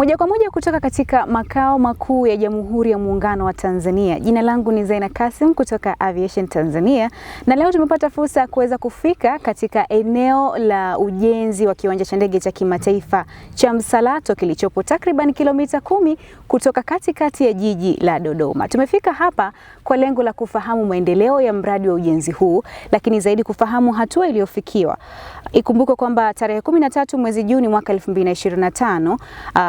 Moja kwa moja kutoka katika makao makuu ya Jamhuri ya Muungano wa Tanzania. Jina langu ni Zaina Kasim kutoka Aviation Tanzania, na leo tumepata fursa ya kuweza kufika katika eneo la ujenzi wa kiwanja cha ndege cha kimataifa cha Msalato kilichopo takriban kilomita kumi kutoka katikati ya jiji la Dodoma. Tumefika hapa kwa lengo la kufahamu maendeleo ya mradi wa ujenzi huu, lakini zaidi kufahamu hatua iliyofikiwa. Ikumbukwe kwamba tarehe 13 mwezi Juni mwaka 2025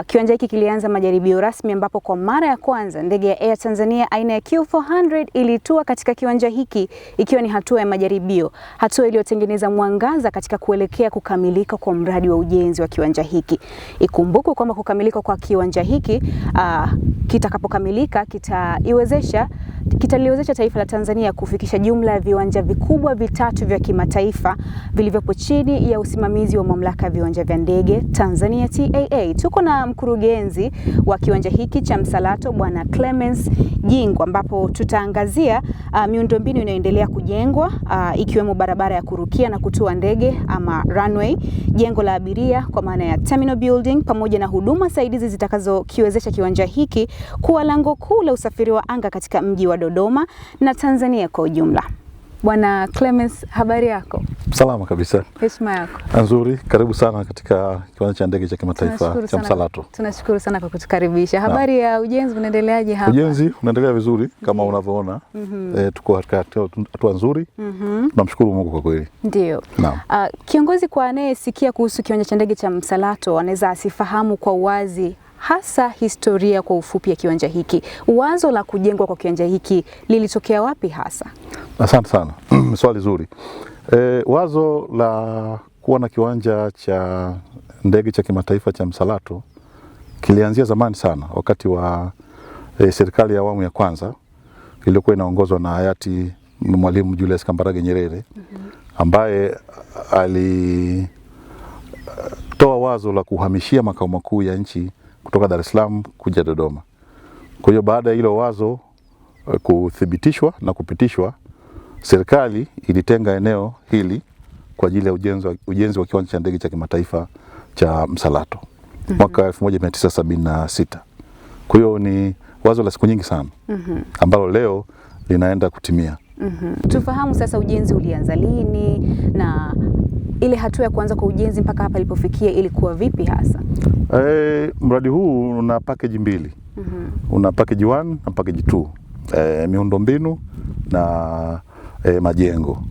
uh, kiwanja hiki kilianza imeanza majaribio rasmi ambapo kwa mara ya kwanza ndege ya Air Tanzania aina ya Q400 ilitua katika kiwanja hiki ikiwa ni hatua ya majaribio, hatua iliyotengeneza mwangaza katika kuelekea kukamilika kwa mradi wa ujenzi wa kiwanja hiki. Ikumbukwe kwamba kukamilika kwa kiwanja hiki uh, kitakapokamilika kitaiwezesha kitaliwezesha taifa la Tanzania kufikisha jumla ya viwanja vikubwa vitatu vya kimataifa vilivyopo chini ya usimamizi wa mamlaka ya viwanja vya ndege Tanzania TAA. Tuko na mkurugenzi wa kiwanja hiki cha Msalato Bwana Clemens Jingo, ambapo tutaangazia uh, miundombinu inayoendelea kujengwa uh, ikiwemo barabara ya kurukia na kutua ndege ama runway, jengo la abiria kwa maana ya terminal building, pamoja na huduma saidizi zitakazokiwezesha kiwanja hiki kuwa lango kuu la usafiri wa anga katika mji wa wa Dodoma na Tanzania kwa ujumla. Bwana Clemens, habari yako? Salama kabisa. Heshima yako? Ah, nzuri. Karibu sana katika kiwanja cha ndege cha kimataifa cha Msalato. Tunashukuru sana kwa kutukaribisha. Habari ya ujenzi unaendeleaje hapa? Ujenzi unaendelea vizuri mhm. kama unavyoona. mm -hmm. E, tuko katika hatua nzuri. mm tunamshukuru Mungu kwa kweli. Ndio. Uh, kiongozi kwa anayesikia kuhusu kiwanja cha ndege cha Msalato anaweza asifahamu kwa uwazi hasa historia kwa ufupi ya kiwanja hiki. Wazo la kujengwa kwa kiwanja hiki lilitokea wapi hasa? Asante sana swali zuri. E, wazo la kuwa na kiwanja cha ndege cha kimataifa cha Msalato kilianzia zamani sana wakati wa e, serikali ya awamu ya kwanza iliyokuwa inaongozwa na hayati Mwalimu Julius Kambarage Nyerere mhm. ambaye alitoa wazo la kuhamishia makao makuu ya nchi kutoka Dar es Salaam kuja Dodoma. Kwa hiyo baada ya hilo wazo eh, kuthibitishwa na kupitishwa, serikali ilitenga eneo hili kwa ajili ya ujenzi wa kiwanja cha ndege cha kimataifa cha Msalato mm -hmm. mwaka 1976. Kwa hiyo ni wazo la siku nyingi sana mm -hmm. ambalo leo linaenda kutimia. Mm -hmm. Tufahamu sasa ujenzi ulianza lini na ile hatua ya kuanza kwa ujenzi mpaka hapa ilipofikia ilikuwa vipi hasa? Eh, mradi huu una package mbili. mm -hmm. Una package 1 na package 2. E, eh, miundombinu na e, majengo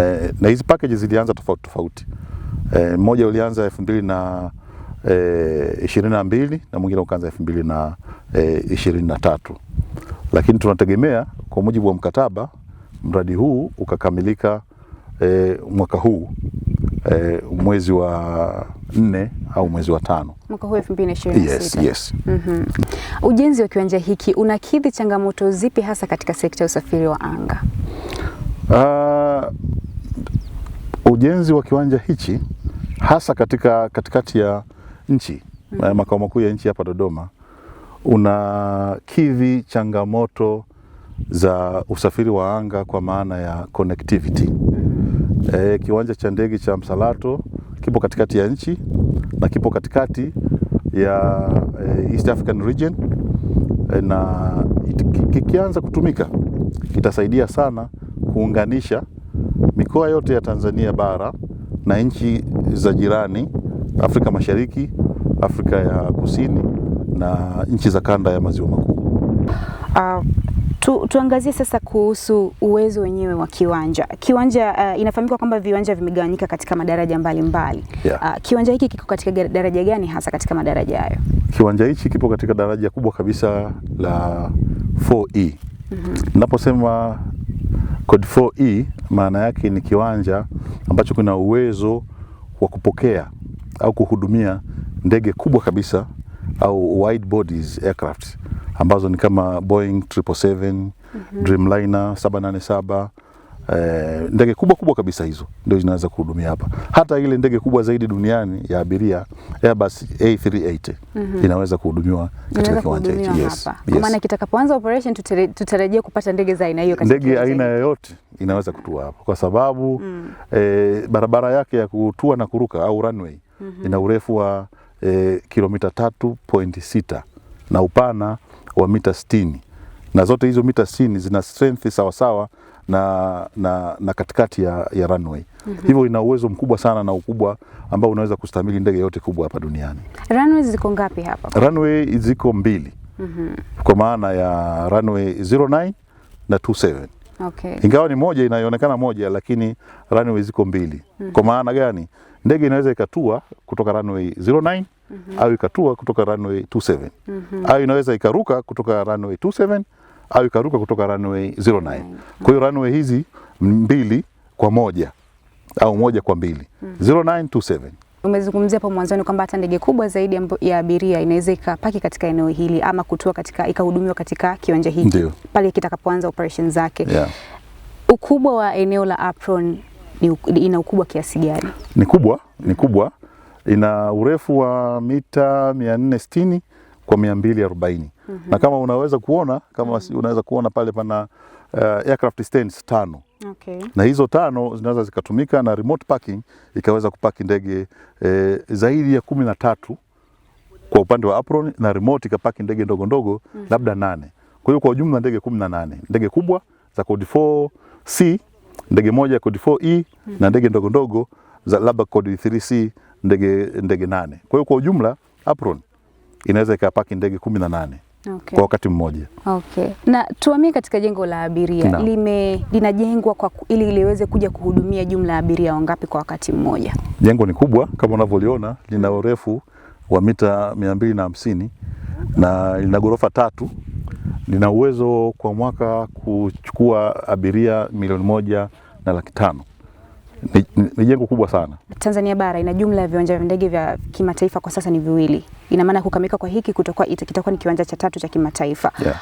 e, na hizi package zilianza tofauti tofauti. E, mmoja ulianza elfu mbili na e, ishirini na mbili na mwingine ukaanza elfu mbili na e, ishirini na tatu lakini tunategemea kwa mujibu wa mkataba mradi huu ukakamilika e, mwaka huu eh, mwezi wa nne au mwezi wa tano mwaka huu 2026. Yes, yes. Mm -hmm. Ujenzi wa kiwanja hiki unakidhi changamoto zipi hasa katika sekta ya usafiri wa anga? Uh, ujenzi wa kiwanja hichi hasa katika katikati ya nchi mm -hmm. makao makuu ya nchi hapa Dodoma unakidhi changamoto za usafiri wa anga kwa maana ya connectivity E, kiwanja cha ndege cha Msalato kipo katikati ya nchi na kipo katikati ya e, East African Region e, na kikianza kutumika kitasaidia sana kuunganisha mikoa yote ya Tanzania bara na nchi za jirani Afrika Mashariki, Afrika ya Kusini na nchi za kanda ya maziwa makuu. Uh, tu, tuangazie sasa kuhusu uwezo wenyewe wa kiwanja. Kiwanja uh, inafahamika kwamba viwanja vimegawanyika katika madaraja mbalimbali mbali. Yeah. Uh, kiwanja hiki kiko katika daraja gani hasa katika madaraja hayo? Kiwanja hichi kipo katika daraja kubwa kabisa la 4E. mm -hmm. Code 4E maana yake ni kiwanja ambacho kina uwezo wa kupokea au kuhudumia ndege kubwa kabisa au wide bodies aircraft ambazo ni kama Boeing 777, mm -hmm. Dreamliner 787 eh, ndege kubwa kubwa kabisa hizo ndio zinaweza kuhudumia hapa. Hata ile ndege kubwa zaidi duniani ya abiria Airbus A380 mm -hmm. inaweza kuhudumiwa katika kiwanja hiki. Yes, yes. Kwa maana kitakapoanza operation tutarejea kupata ndege za aina hiyo katika ndege aina yoyote inaweza kutua hapa kwa sababu mm. eh, barabara yake ya kutua na kuruka au runway mm -hmm. ina urefu wa eh, kilomita 3.6 na upana wa mita sitini na zote hizo mita stini zina strength sawasawa na, na, na katikati ya, ya runway mm -hmm. Hivyo ina uwezo mkubwa sana na ukubwa ambao unaweza kustamili ndege yote kubwa hapa duniani. Runway ziko ngapi hapa? Runway ziko mbili mm -hmm. Kwa maana ya runway 09 na 27. Okay. Ingawa ni moja inayoonekana moja lakini runway ziko mbili mm -hmm. Kwa maana gani? Ndege inaweza ikatua kutoka runway 09 mm -hmm. au ikatua kutoka runway 27 mm -hmm. au inaweza ikaruka kutoka runway 27 au ikaruka kutoka runway 09. Mm-hmm. Kwa hiyo runway hizi mbili kwa moja au moja kwa mbili mm -hmm. 0927 Umezungumzia hapo mwanzoni kwamba hata ndege kubwa zaidi ya abiria inaweza ikapaki katika eneo hili ama kutua katika ikahudumiwa katika kiwanja hiki pale kitakapoanza operation zake yeah. Ukubwa wa eneo la apron ni, ina ukubwa kiasi gani? Ni kubwa, ni kubwa ina urefu wa mita 460 kwa 240. mm -hmm. Na kama unaweza kuona kama mm -hmm. unaweza kuona pale pana uh, aircraft stands tano. Okay. Na hizo tano zinaweza zikatumika na remote parking ikaweza kupaki ndege eh, zaidi ya kumi na tatu kwa upande wa apron na remote ikapaki ndege ndogo ndogo mm -hmm. labda nane. Kwa hiyo kwa ujumla ndege kumi na nane ndege kubwa za code 4C, ndege moja ya code 4E mm -hmm. na ndege ndogo ndogo za labda code 3C ndege ndege nane. Kwa hiyo kwa ujumla apron inaweza ikapaki ndege kumi na nane okay. kwa wakati mmoja okay. Na tuamie katika jengo la abiria lime linajengwa kwa ili liweze kuja kuhudumia jumla ya abiria wangapi kwa wakati mmoja? Jengo ni kubwa kama unavyoliona, lina urefu wa mita mia mbili na hamsini na lina ghorofa tatu. Lina uwezo kwa mwaka kuchukua abiria milioni moja na laki tano ni, ni jengo kubwa sana. Tanzania bara ina jumla ya viwanja vya ndege vya kimataifa kwa sasa ni viwili. Ina maana kukamilika kwa hiki kutakuwa kitakuwa ni kiwanja cha tatu cha kimataifa. Yeah.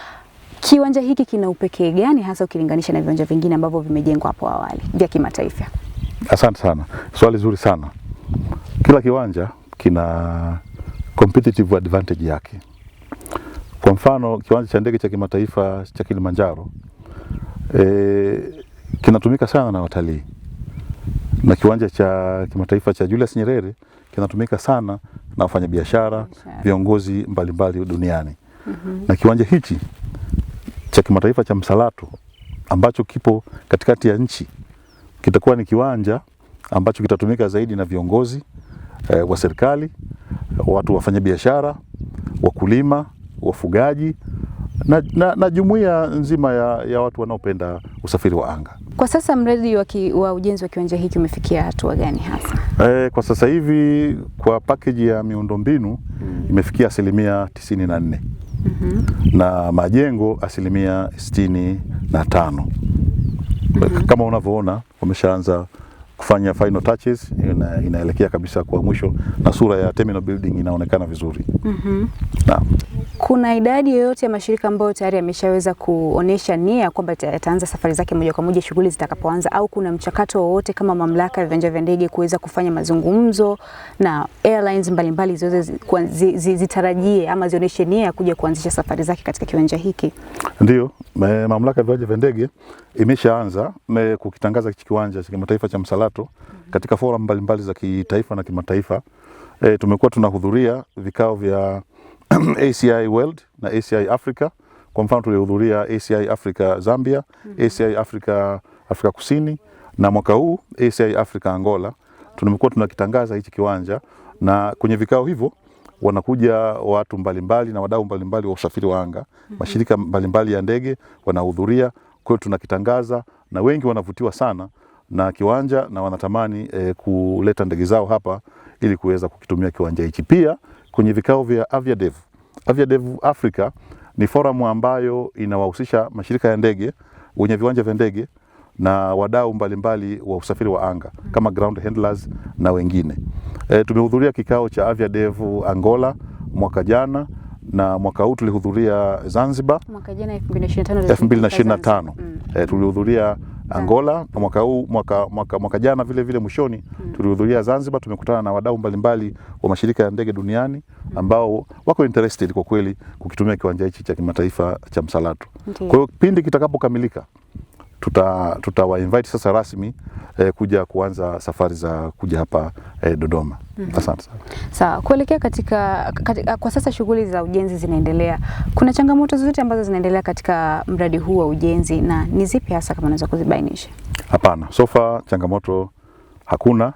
Kiwanja hiki kina upekee gani hasa ukilinganisha na viwanja vingine ambavyo vimejengwa hapo awali vya kimataifa? Asante sana, swali zuri sana. Kila kiwanja kina competitive advantage yake. Kwa mfano kiwanja cha ndege cha kimataifa cha Kilimanjaro e, kinatumika sana na watalii na kiwanja cha kimataifa cha Julius Nyerere kinatumika sana na wafanyabiashara, viongozi mbalimbali mbali duniani mm -hmm. na kiwanja hichi cha kimataifa cha Msalato ambacho kipo katikati ya nchi kitakuwa ni kiwanja ambacho kitatumika zaidi na viongozi eh, wa serikali, watu wafanyabiashara, wakulima, wafugaji na, na, na jumuiya nzima ya, ya watu wanaopenda usafiri wa anga. Kwa sasa mradi wa ujenzi wa kiwanja hiki umefikia hatua gani hasa? E, kwa sasa hivi kwa pakeji ya miundombinu mm. imefikia asilimia tisini na nne mm -hmm. na majengo asilimia sitini na tano mm -hmm. kama unavyoona wameshaanza kufanya final touches ina, inaelekea kabisa kwa mwisho na sura ya terminal building inaonekana vizuri. mm -hmm. na, kuna idadi yoyote ya mashirika ambayo tayari yameshaweza kuonesha nia kwamba yataanza safari zake moja kwa moja shughuli zitakapoanza, au kuna mchakato wowote kama mamlaka ya viwanja vya ndege kuweza kufanya mazungumzo na airlines mbalimbali ziweze zitarajie zi, zi, ama zionyeshe nia ya kuja kuanzisha safari zake katika kiwanja hiki? Ndiyo, mamlaka ya viwanja vya ndege imeshaanza kukitangaza kiwanja cha kimataifa cha Msalato katika forum mbalimbali za kitaifa na kimataifa. E, tumekuwa tunahudhuria vikao vya ACI World na ACI Africa. Kwa mfano tulihudhuria ACI Africa Zambia, mm -hmm. ACI Africa Afrika Kusini na mwaka huu ACI Africa Angola. Tumekuwa tunakitangaza hichi kiwanja na kwenye vikao hivyo wanakuja watu mbalimbali na wadau mbalimbali wa usafiri wa anga mm -hmm. mashirika mbalimbali ya ndege wanahudhuria, kwa hiyo tunakitangaza na wengi wanavutiwa sana na kiwanja na wanatamani e, kuleta ndege zao hapa ili kuweza kukitumia kiwanja hichi. Pia kwenye vikao vya Aviadev. Aviadev Africa ni forum ambayo inawahusisha mashirika ya ndege, wenye viwanja vya ndege na wadau mbalimbali wa usafiri wa anga kama ground handlers na wengine. E, tumehudhuria kikao cha Aviadev Angola mwaka jana na mwaka huu tulihudhuria Zanzibar mwaka jana 2025, 2025. Mm. E, tulihudhuria Angola na mwaka huu mwaka, mwaka, mwaka jana vile vile mwishoni mm. tulihudhuria Zanzibar, tumekutana na wadau mbalimbali wa mashirika ya ndege duniani hmm. ambao wako interested kwa kweli kukitumia kiwanja hichi cha kimataifa cha Msalatu. Kwa hiyo pindi kitakapokamilika tuta sasa rasmi eh, kuja kuanza safari za kuja hapa eh, Dodoma. mm -hmm. Asante sana. Sawa, kuelekea katika, katika ah, kwa sasa shughuli za ujenzi zinaendelea, kuna changamoto zozote ambazo zinaendelea katika mradi huu wa ujenzi na ni zipi hasa kama unaweza kuzibainisha? Hapana, sofa changamoto hakuna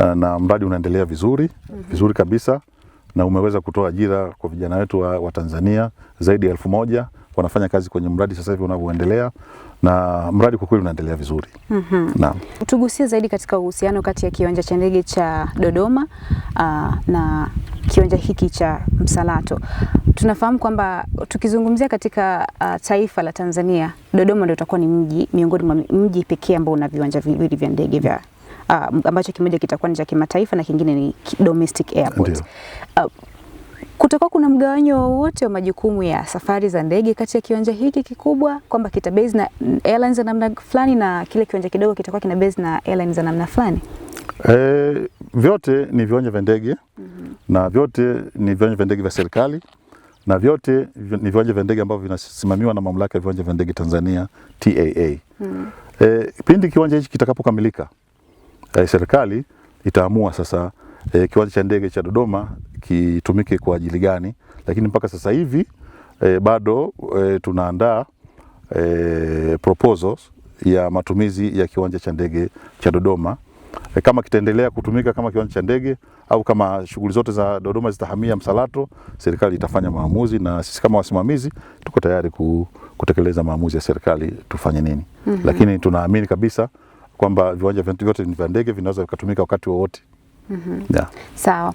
eh, na mradi unaendelea vizuri mm -hmm. vizuri kabisa na umeweza kutoa ajira kwa vijana wetu wa, wa Tanzania zaidi ya elfu moja wanafanya kazi kwenye mradi sasa hivi unavyoendelea, na mradi kwa kweli unaendelea vizuri. mm -hmm. Naam, tugusie zaidi katika uhusiano kati ya kiwanja cha ndege cha Dodoma uh, na kiwanja hiki cha Msalato. Tunafahamu kwamba tukizungumzia katika uh, taifa la Tanzania, Dodoma ndio utakuwa ni mji miongoni mwa mji pekee ambao una viwanja viwili vya ndege vya uh, ambacho kimoja kitakuwa ni cha kimataifa na kingine ni domestic airport. Uh, Kutakuwa kuna mgawanyo wowote wa majukumu ya safari za ndege kati ya kiwanja hiki kikubwa kwamba kita base na airlines za namna fulani na kile kiwanja kidogo kitakuwa kina base na airlines za namna fulani? Eh, vyote ni viwanja vya ndege mm -hmm. na vyote ni viwanja vya ndege vya serikali na vyote ni viwanja vya ndege ambavyo vinasimamiwa na mamlaka ya viwanja vya ndege Tanzania TAA. Mm. E, eh, pindi kiwanja hichi kitakapokamilika, e, serikali itaamua sasa e, kiwanja cha ndege cha Dodoma kitumike kwa ajili gani, lakini mpaka sasa hivi e, bado e, tunaandaa e, proposals ya matumizi ya kiwanja cha ndege cha Dodoma e, kama kitaendelea kutumika kama kiwanja cha ndege au kama shughuli zote za Dodoma zitahamia Msalato, serikali itafanya maamuzi, na sisi kama wasimamizi tuko tayari kutekeleza maamuzi ya serikali tufanye nini. mm -hmm. Lakini tunaamini kabisa kwamba viwanja vyote vya ndege vinaweza vikatumika wakati wowote mm -hmm. Sawa.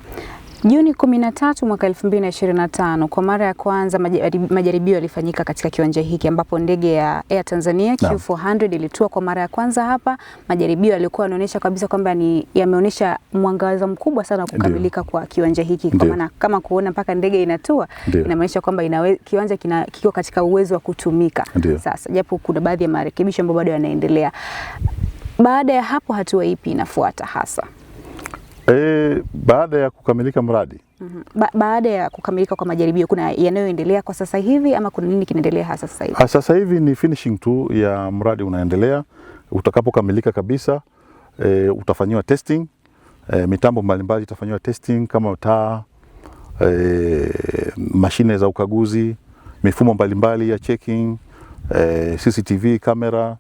Juni 13 mwaka 2025 kwa mara ya kwanza majaribio yalifanyika katika kiwanja hiki ambapo ndege ya Air Tanzania Q400 ilitua kwa mara ya kwanza hapa. Majaribio yalikuwa yanaonyesha kabisa kwamba ni yameonyesha mwangaza mkubwa sana kukamilika kwa kiwanja hiki, kwa maana kama kuona mpaka ndege inatua inamaanisha kwamba kiwanja kina, kiko katika uwezo wa kutumika Dio. Sasa japo kuna baadhi ya marekebisho ambayo bado yanaendelea. Baada ya hapo, hatua ipi inafuata hasa? E, baada ya kukamilika mradi mm -hmm. ba baada ya kukamilika kwa majaribio kuna yanayoendelea kwa sasa hivi ama kuna nini kinaendelea hasa sasa hivi? Ah, sasa hivi ni finishing tu ya mradi unaendelea. Utakapokamilika kabisa e, utafanyiwa testing e, mitambo mbalimbali itafanyiwa testing kama taa e, mashine za ukaguzi, mifumo mbalimbali ya checking e, CCTV kamera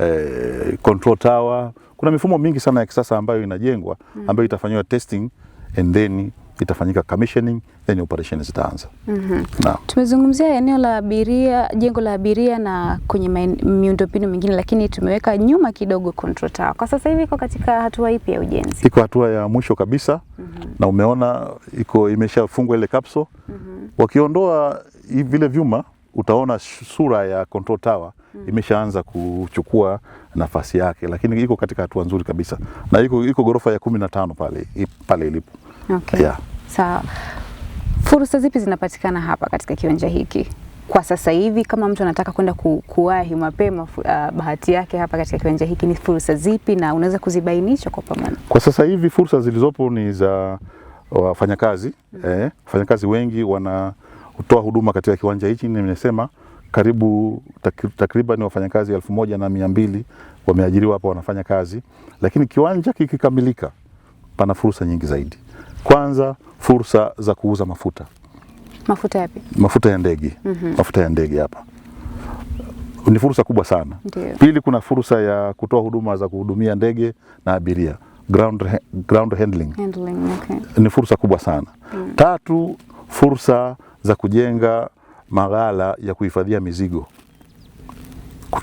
Eh, control tower. Kuna mifumo mingi sana ya kisasa ambayo inajengwa mm. ambayo itafanyiwa testing and then itafanyika commissioning then operation zitaanza. mm -hmm. Tumezungumzia eneo la abiria, jengo la abiria na kwenye miundombinu mingine, lakini tumeweka nyuma kidogo control tower. Kwa sasa hivi iko katika hatua ipi ya ujenzi? Iko hatua ya mwisho kabisa. mm -hmm. na umeona iko imeshafungwa ile kapso. mm -hmm. wakiondoa vile vyuma utaona sura ya control tower mm. imeshaanza kuchukua nafasi yake, lakini iko katika hatua nzuri kabisa na iko, iko ghorofa ya kumi na tano pale, pale ilipo okay. yeah. Sawa, fursa zipi zinapatikana hapa katika kiwanja hiki kwa sasa hivi? Kama mtu anataka kwenda ku, kuwahi mapema uh, bahati yake hapa katika kiwanja hiki ni fursa zipi, na unaweza kuzibainisha kwa pamoja? Kwa sasa hivi fursa zilizopo ni za wafanyakazi mm. eh, wafanyakazi wengi wana kutoa huduma katika kiwanja hichi. Nimesema karibu takriban wafanyakazi elfu moja na mia mbili wameajiriwa hapa, wanafanya kazi, lakini kiwanja kikikamilika, pana fursa nyingi zaidi. Kwanza fursa za kuuza mafuta. Mafuta yapi? Mafuta ya ndege. mm -hmm. Mafuta ya ndege hapa ni fursa kubwa sana. Ndiyo. Pili, kuna fursa ya kutoa huduma za kuhudumia ndege na abiria ground, ground handling. Handling, okay. Ni fursa kubwa sana. Mm. Tatu, fursa za kujenga maghala ya kuhifadhia mizigo.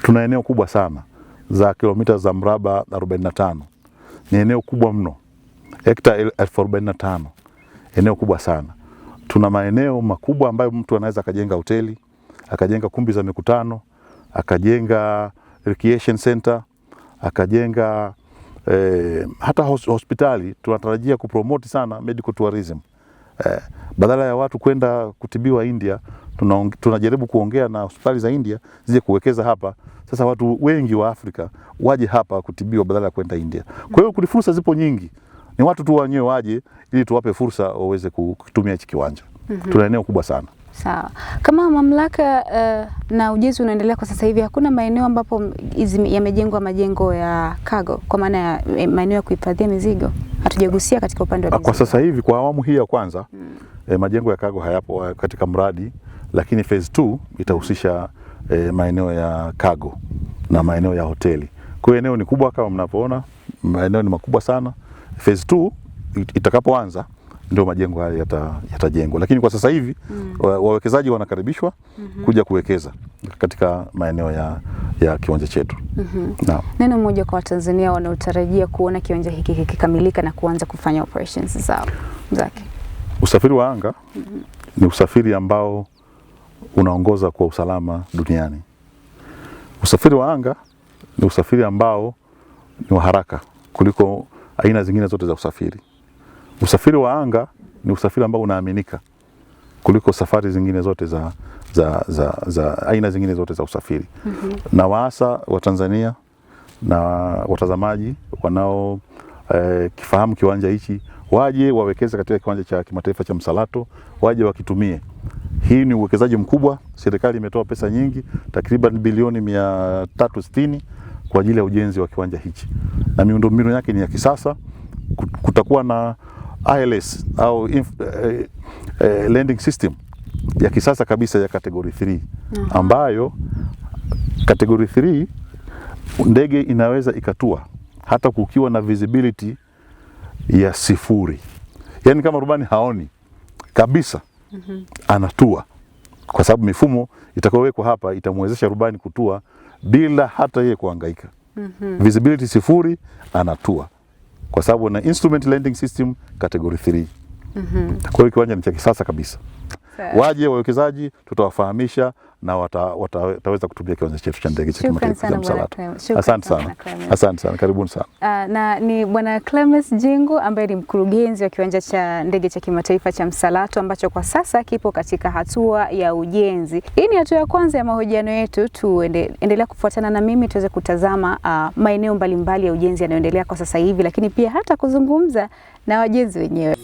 Tuna eneo kubwa sana za kilomita za mraba 45, ni eneo kubwa mno, hekta elfu 45, eneo kubwa sana. Tuna maeneo makubwa ambayo mtu anaweza akajenga hoteli, akajenga kumbi za mikutano, akajenga recreation center, akajenga eh, hata hospitali. Tunatarajia kupromoti sana medical tourism eh, badala ya watu kwenda kutibiwa India tuna, tunajaribu kuongea na hospitali za India zije kuwekeza hapa. Sasa watu wengi wa Afrika waje hapa kutibiwa badala ya kwenda India. Kwa hiyo fursa zipo nyingi, ni watu tu wenyewe waje ili tuwape fursa waweze kutumia hichi kiwanja. Mm -hmm. Tuna eneo kubwa sana. Sawa. Kama mamlaka uh, na ujenzi unaendelea kwa sasa hivi, hakuna maeneo ambapo yamejengwa majengo ya cargo kwa maana ya eh, maeneo ya kuhifadhia mizigo? Hatujagusia katika upande wa ah, kwa sasa hivi kwa awamu hii ya kwanza hmm. eh, majengo ya cargo hayapo eh, katika mradi, lakini phase 2 itahusisha eh, maeneo ya cargo na maeneo ya hoteli. Kwa hiyo eneo ni kubwa kama mnavyoona, maeneo ni makubwa sana. Phase 2 itakapoanza ndio majengo haya yatajengwa yata, lakini kwa sasa hivi mm. wawekezaji wanakaribishwa mm -hmm. kuja kuwekeza katika maeneo ya, ya kiwanja chetu mm -hmm. Neno moja kwa Watanzania wanaotarajia kuona kiwanja hiki kikikamilika na kuanza kufanya operations zao zake. Usafiri wa anga mm -hmm. ni usafiri ambao unaongoza kwa usalama duniani. Usafiri wa anga ni usafiri ambao ni wa haraka kuliko aina zingine zote za usafiri. Usafiri wa anga ni usafiri ambao unaaminika kuliko safari zingine zote za, za, za, za aina zingine zote za usafiri mm -hmm. na waasa wa Tanzania na watazamaji wanao eh, kifahamu kiwanja hichi waje wawekeze katika kiwanja cha kimataifa cha Msalato, waje wakitumie. Hii ni uwekezaji mkubwa. Serikali imetoa pesa nyingi takriban bilioni mia tatu sitini kwa ajili ya ujenzi wa kiwanja hichi na miundombinu yake ni ya kisasa. Kutakuwa na ILS au inf, eh, eh, lending system ya kisasa kabisa ya category 3 ambayo category 3 ndege inaweza ikatua hata kukiwa na visibility ya sifuri, yaani kama rubani haoni kabisa mhm. Anatua kwa sababu mifumo itakayowekwa hapa itamwezesha rubani kutua bila hata yeye kuhangaika mm -hmm. Visibility sifuri, anatua kwa sababu na instrument lending system category 3. Mhm. Mm, kwa hiyo kiwanja ni cha kisasa kabisa. Fair. Waje wawekezaji tutawafahamisha na wata, wata, kutumia kiwanja chetu cha ndege cha kimataifa cha Msalato. Asante sana, asante sana, karibuni sana. Uh, na ni Bwana Clemens Jingu ambaye ni mkurugenzi wa kiwanja cha ndege cha kimataifa cha Msalato ambacho kwa sasa kipo katika hatua ya ujenzi. Hii ni hatua ya kwanza ya mahojiano yetu, tuendelea kufuatana na mimi tuweze kutazama uh, maeneo mbalimbali ya ujenzi yanayoendelea kwa sasa hivi, lakini pia hata kuzungumza na wajenzi wenyewe.